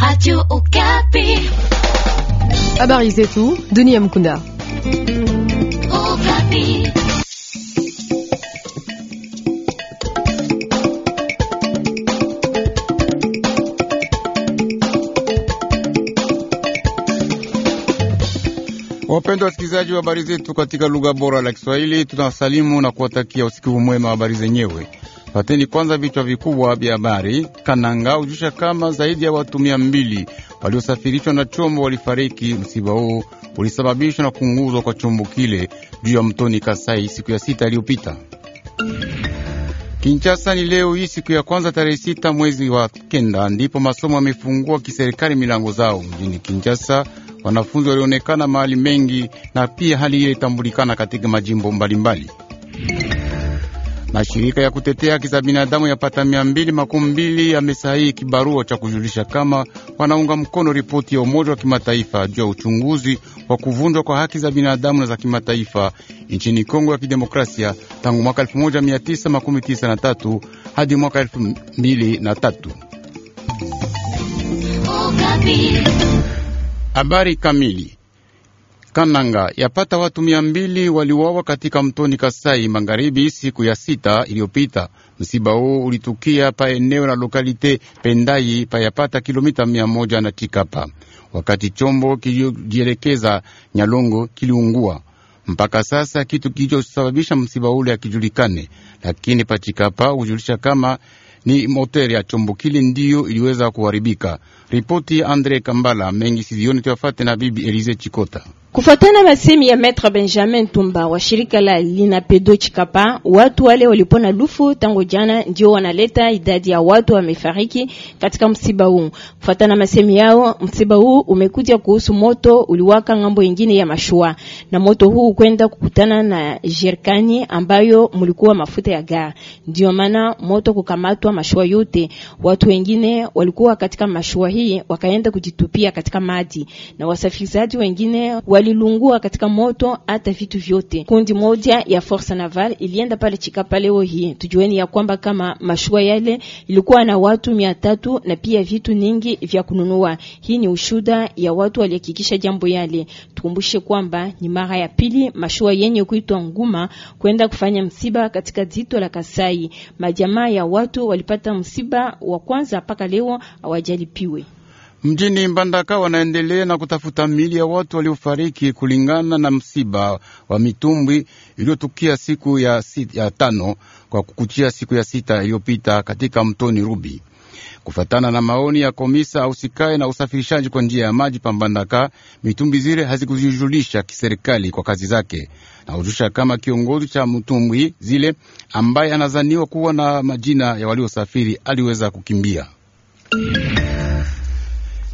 Radio Okapi. Habari zetu Dunia Mkunda. Okapi. Wapendwa wasikilizaji wa habari zetu katika lugha bora la Kiswahili, tunawasalimu na kuwatakia usiku mwema habari zenyewe. Pateni kwanza vichwa vikubwa vya habari. Kananga ujusha kama zaidi ya watu mia mbili waliosafirishwa na chombo walifariki. Msiba huu ulisababishwa na kunguzwa kwa chombo kile juu ya mtoni Kasai siku ya sita iliyopita. Kinshasa ni leo hii siku ya kwanza tarehe sita mwezi wa kenda ndipo masomo yamefungua kiserikali milango zao mjini kinchasa Wanafunzi walionekana mahali mengi na pia hali ile itambulikana katika majimbo mbalimbali mbali. Mashirika ya kutetea haki za binadamu yapata mia mbili makumi mbili yamesahihi kibarua cha kujulisha kama wanaunga mkono ripoti ya Umoja wa Kimataifa juu ya uchunguzi wa kuvunjwa kwa haki za binadamu na za kimataifa nchini Kongo ya Kidemokrasia tangu mwaka 1993 hadi mwaka 2003. Habari kamili Kananga yapata watu mia mbili waliuawa katika mtoni Kasai magharibi siku ya sita iliyopita. Msiba huu ulitukia pa eneo la lokalite Pendai payapata kilomita mia moja na Chikapa, wakati chombo kiliyojielekeza Nyalongo kiliungua. Mpaka sasa kitu kilichosababisha msiba ule hakijulikane, lakini Pachikapa hujulisha kama ni moteri ya chombo kile ndiyo iliweza kuharibika. Ripoti ya Andre Kambala mengi sizioni tuyafate na bibi Elize Chikota. Kufuatana na masemi ya Maître Benjamin Tumba wa shirika la Linapedo Chikapa, watu wale walipona lufu tangu jana ndio wanaleta idadi ya watu wamefariki katika msiba huu. Kufuatana na masemi yao, msiba huu umekuja kuhusu moto uliwaka ngambo nyingine ya mashua, na moto huu kwenda kukutana na jerkani ambayo mlikuwa mafuta ya gaa, ndio maana moto kukamatwa mashua yote. Watu wengine walikuwa katika mashua hii wakaenda kujitupia katika maji, na wasafirizaji wengine wali walilungua katika moto hata vitu vyote. Kundi moja ya Force Naval ilienda pale Chikapa leo hii. Tujueni ya kwamba kama mashua yale ilikuwa na watu mia tatu na pia vitu nyingi vya kununua. Hii ni ushuda ya watu walihakikisha jambo yale. Tukumbushe kwamba ni mara ya pili mashua yenye kuitwa Nguma kwenda kufanya msiba katika zito la Kasai. Majamaa ya watu walipata msiba wa kwanza mpaka leo hawajalipiwe mjini Mbandaka wanaendelea na kutafuta mili ya watu waliofariki kulingana na msiba wa mitumbwi iliyotukia siku ya, sit, ya tano kwa kukuchia siku ya sita iliyopita katika mtoni Rubi. Kufatana na maoni ya komisa ausikae na usafirishaji kwa njia ya maji pambandaka, mitumbi zile hazikujijulisha kiserikali kwa kazi zake, na hujusha kama kiongozi cha mtumbwi zile ambaye anazaniwa kuwa na majina ya waliosafiri aliweza kukimbia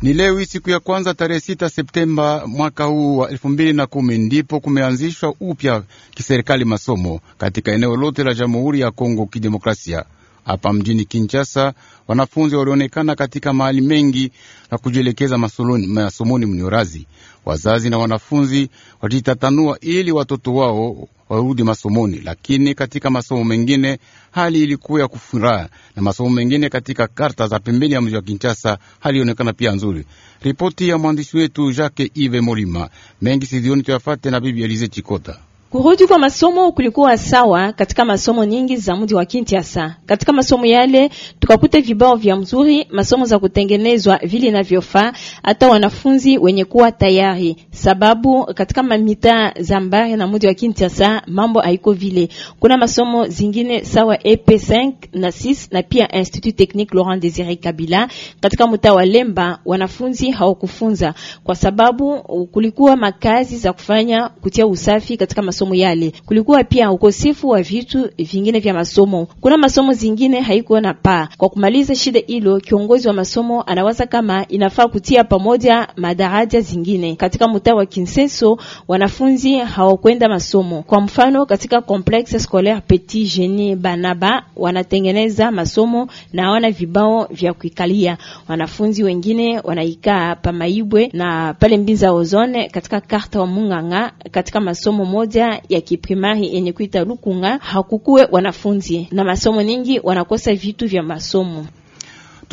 ni leo hii siku ya kwanza tarehe sita Septemba mwaka huu wa elfu mbili na kumi ndipo kumeanzishwa upya kiserikali masomo katika eneo lote la Jamhuri ya Kongo Kidemokrasia. Hapa mjini Kinshasa, wanafunzi walionekana katika mahali mengi na kujielekeza masomoni mniorazi. Wazazi na wanafunzi walitatanua ili watoto wao warudi masomoni, lakini katika masomo mengine hali ilikuwa ya kufuraha, na masomo mengine katika karta za pembeni ya mji wa Kinshasa hali ilionekana pia nzuri. Ripoti ya mwandishi wetu Jacques Ive Molima mengi sidioni tuyafate na Bibi Elize Chikota. Kurudi kwa masomo kulikuwa sawa katika masomo nyingi za mji wa Kinshasa. Katika masomo yale tukakuta vibao vya mzuri, masomo za kutengenezwa vile inavyofaa, hata wanafunzi wenye kuwa tayari, sababu katika mamita za mbali na mji wa Kinshasa mambo haiko vile. Kuna masomo zingine sawa EP5 na 6 na pia Institut Technique Laurent Desire Kabila. Katika mtaa wa Lemba wanafunzi hawakufunza kwa sababu kulikuwa makazi za kufanya kutia usafi katika masomo masomo yale. Kulikuwa pia ukosefu wa vitu vingine vya masomo, kuna masomo zingine haikuwa na paa. Kwa kumaliza shida hilo, kiongozi wa masomo anawaza kama inafaa kutia pamoja madaraja zingine katika mtaa wa Kinsenso. Wanafunzi hawakwenda masomo, kwa mfano katika complexe scolaire Petit Genie Banaba wanatengeneza masomo na wana vibao vya kuikalia. Wanafunzi wengine wanaikaa pa Maibwe na pale Mbinza Ozone katika karta wa Munganga katika masomo moja ya kiprimari yenye kuita Lukunga hakukuwe wanafunzi na masomo ningi wanakosa vitu vya masomo.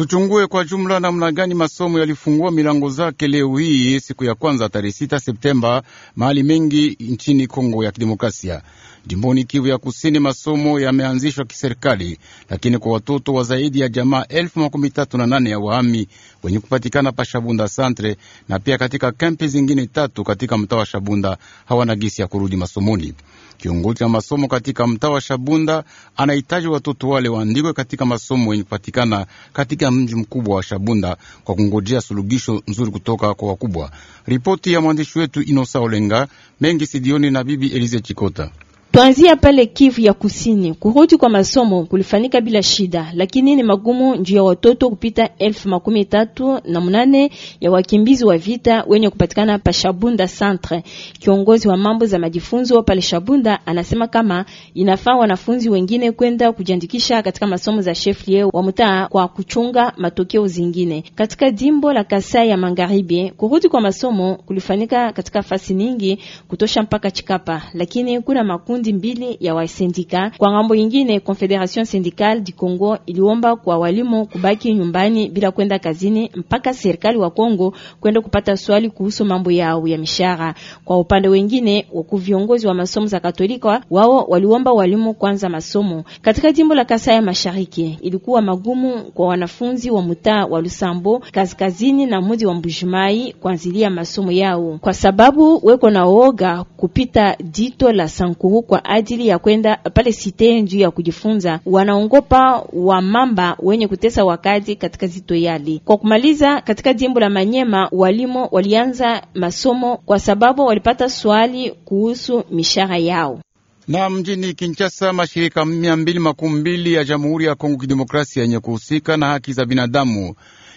Tuchungue kwa jumla namna gani masomo yalifungua milango zake leo hii siku ya kwanza tarehe sita Septemba mahali mengi nchini Kongo ya Kidemokrasia. Jimboni Kivu ya Kusini, masomo yameanzishwa kiserikali, lakini kwa watoto wa zaidi ya jamaa elfu makumi tatu na nane ya wahami wenye kupatikana pa Shabunda Santre na pia katika kampi zingine tatu katika mtaa wa Shabunda hawana gisi ya kurudi masomoni. Kiongozi wa masomo katika mtaa wa Shabunda anahitaji watoto wale waandikwe katika masomo yenye kupatikana katika mji mkubwa wa Shabunda kwa kungojea sulugisho nzuri kutoka kwa wakubwa. Ripoti ya mwandishi wetu Inosa Olenga Mengi Sidioni na Bibi Elize Chikota. Tuanzia pale Kivu ya Kusini, kurudi kwa masomo kulifanyika bila shida, lakini ni magumu juu ya watoto kupita elfu makumi tatu na mnane ya wakimbizi wa vita wenye kupatikana pa Shabunda Centre. Kiongozi wa mambo za majifunzo pale Shabunda anasema kama inafaa wanafunzi wengine kwenda kujiandikisha katika masomo za sheflie wa mtaa kwa kuchunga matokeo zingine. Katika jimbo la Kasai ya Magharibi, kurudi kwa masomo kulifanyika katika fasi nyingi kutosha mpaka Chikapa, lakini kuna makundi makundi mbili ya wasindika. Kwa ngambo nyingine, Confederation Syndicale du Congo iliomba kwa walimu kubaki nyumbani bila kwenda kazini mpaka serikali wa congo kwenda kupata swali kuhusu mambo yao ya mishahara. Kwa upande wengine, waku viongozi wa masomo za Katolika wao waliomba walimu kwanza masomo. Katika jimbo la Kasai ya Mashariki ilikuwa magumu kwa wanafunzi wa mtaa wa Lusambo kaskazini na mji wa Mbujimai kuanzilia masomo yao kwa sababu weko na woga kupita dito la Sankuru kwa ajili ya kwenda pale site juu ya kujifunza, wanaongopa wa mamba wenye kutesa wakazi katika zito yali. Kwa kumaliza, katika jimbo la Manyema walimo walianza masomo kwa sababu walipata swali kuhusu mishahara yao na mjini Kinshasa mashirika mia mbili makumi mbili ya Jamhuri ya Kongo Kidemokrasia yenye kuhusika na haki za binadamu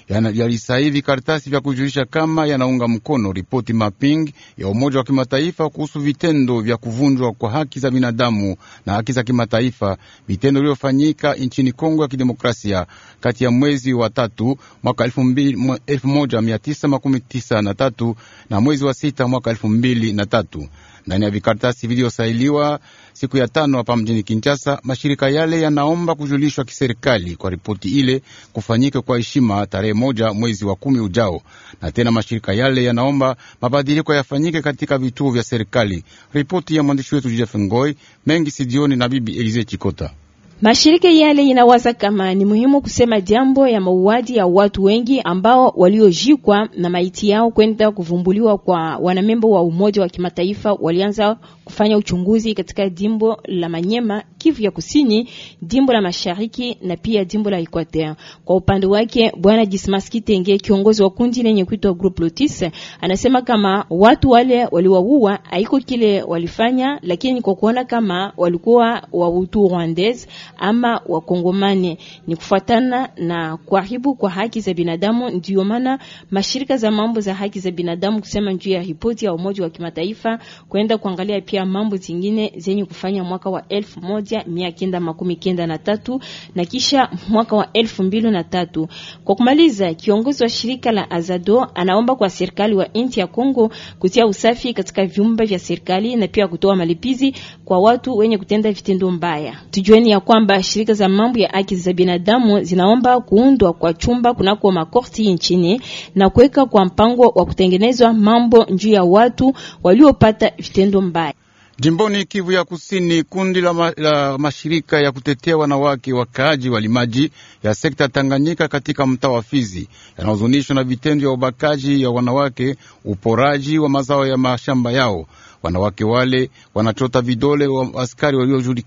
yalisahivi karatasi vya kujulisha kama yanaunga mkono ripoti mapping ya Umoja wa Kimataifa kuhusu vitendo vya kuvunjwa kwa haki za binadamu na haki za kimataifa, vitendo vilivyofanyika nchini Kongo ya Kidemokrasia kati ya mwezi wa tatu mwaka elfu moja makumi tisa na tatu na mwezi wa sita mwaka elfu mbili na tatu ndani ya vikaratasi vilivyosailiwa siku ya tano hapa mjini Kinshasa. Mashirika yale yanaomba kujulishwa kiserikali kwa ripoti ile kufanyika kwa heshima tarehe moja mwezi wa kumi ujao, na tena mashirika yale yanaomba mabadiliko yafanyike katika vituo vya serikali. Ripoti ya mwandishi wetu Jeff Ngoi mengi sidioni na bibi Elize Chikota. Mashirika yale inawaza kama ni muhimu kusema jambo ya mauaji ya watu wengi ambao waliojikwa na maiti yao kwenda kuvumbuliwa kwa wanamembo wa Umoja wa Kimataifa walianza kufanya uchunguzi katika jimbo la Manyema, Kivu ya Kusini, jimbo la Mashariki na pia jimbo la Equateur. Kwa upande wake, bwana Dismas Kitenge, kiongozi wa kundi lenye kuitwa Group Lotis, anasema kama watu wale waliwaua haiko kile walifanya, lakini kwa kuona kama walikuwa wa utu rwandese ama Wakongomani. Ni kufuatana na kuharibu kwa haki za binadamu, ndio maana mashirika za mambo za haki za binadamu kusema juu ya ripoti ya Umoja wa Kimataifa kwenda kuangalia pia mambo zingine zenye kufanya mwaka wa elfu moja mia kenda makumi kenda na tatu na kisha mwaka wa elfu mbili na tatu. Kwa kumaliza, kiongozi wa shirika la Azado anaomba kwa serikali wa nchi ya Kongo kutia usafi katika vyumba vya serikali na pia kutoa malipizi kwa watu wenye kutenda vitendo mbaya. Tujueni ya kwa kwamba shirika za mambo ya haki za binadamu zinaomba kuundwa kwa chumba kunako makorti nchini na kuweka kwa mpango wa kutengenezwa mambo njuu ya watu waliopata vitendo mbaya. Jimboni Kivu ya Kusini, kundi la, ma, la mashirika ya kutetea wanawake wakaaji walimaji ya sekta Tanganyika katika mtaa wa Fizi yanahuzunishwa na vitendo vya ubakaji ya wanawake, uporaji wa mazao ya mashamba yao. Wanawake wale wanachota vidole wa askari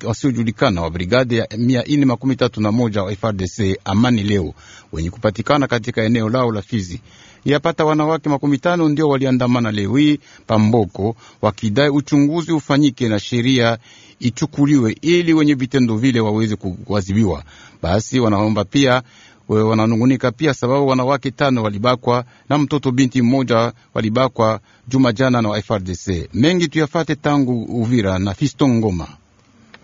wasiojulikana wa brigade ya mia ine makumi tatu na moja wa FRDC Amani leo wenye kupatikana katika eneo lao la Fizi. Yapata wanawake makumi tano ndio waliandamana leo hii Pamboko wakidai uchunguzi ufanyike na sheria ichukuliwe ili wenye vitendo vile waweze kuwazibiwa. Basi wanaomba pia wananungunika pia sababu wanawake tano walibakwa na mtoto binti mmoja walibakwa juma jana na FRDC. Mengi tuyafate tangu Uvira na Fiston Ngoma.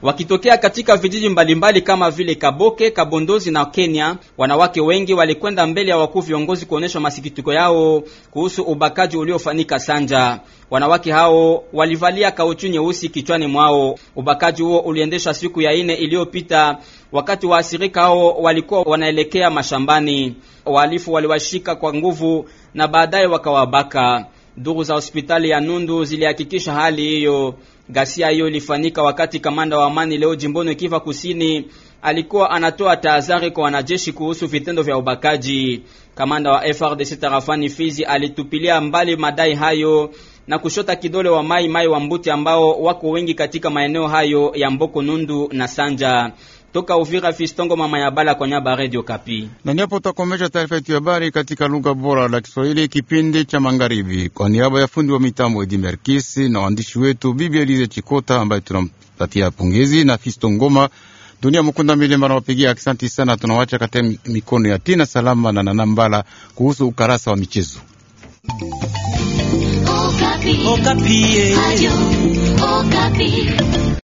Wakitokea katika vijiji mbalimbali kama vile Kaboke, Kabondozi na Kenya, wanawake wengi walikwenda mbele ya wakuu viongozi kuonesha masikitiko yao kuhusu ubakaji uliofanyika Sanja. Wanawake hao walivalia kauchu nyeusi kichwani mwao. Ubakaji huo uliendeshwa siku ya ine iliyopita, wakati waasirika hao walikuwa wanaelekea mashambani. Wahalifu waliwashika kwa nguvu na baadaye wakawabaka. Duru za hospitali ya Nundu zilihakikisha hali hiyo. Ghasia hiyo ilifanyika wakati kamanda wa amani leo jimboni Kiva Kusini alikuwa anatoa tahadhari kwa wanajeshi kuhusu vitendo vya ubakaji. Kamanda wa FRDC tarafani Fizi alitupilia mbali madai hayo na kushota kidole wa mai mai wa mbuti ambao wako wengi katika maeneo hayo ya Mboko Nundu na Sanja toka Uvira Fistongo mama ya bala kwa nyaba Radio Kapi. Na niapo takomesha taarifa yetu ya habari katika lugha bora la Kiswahili kipindi cha magharibi, kwa niaba ya fundi wa mitambo Edi Merkisi na waandishi wetu Bibi Elize Chikota ambaye tunampatia pongezi na fistongoma Dunia Mukunda Milemba na wapigia aksanti sana. Tunawacha katika mikono ya Tina Salama na Nanambala kuhusu ukarasa wa michezo Okapi. Oh, Okapi. Oh, eh.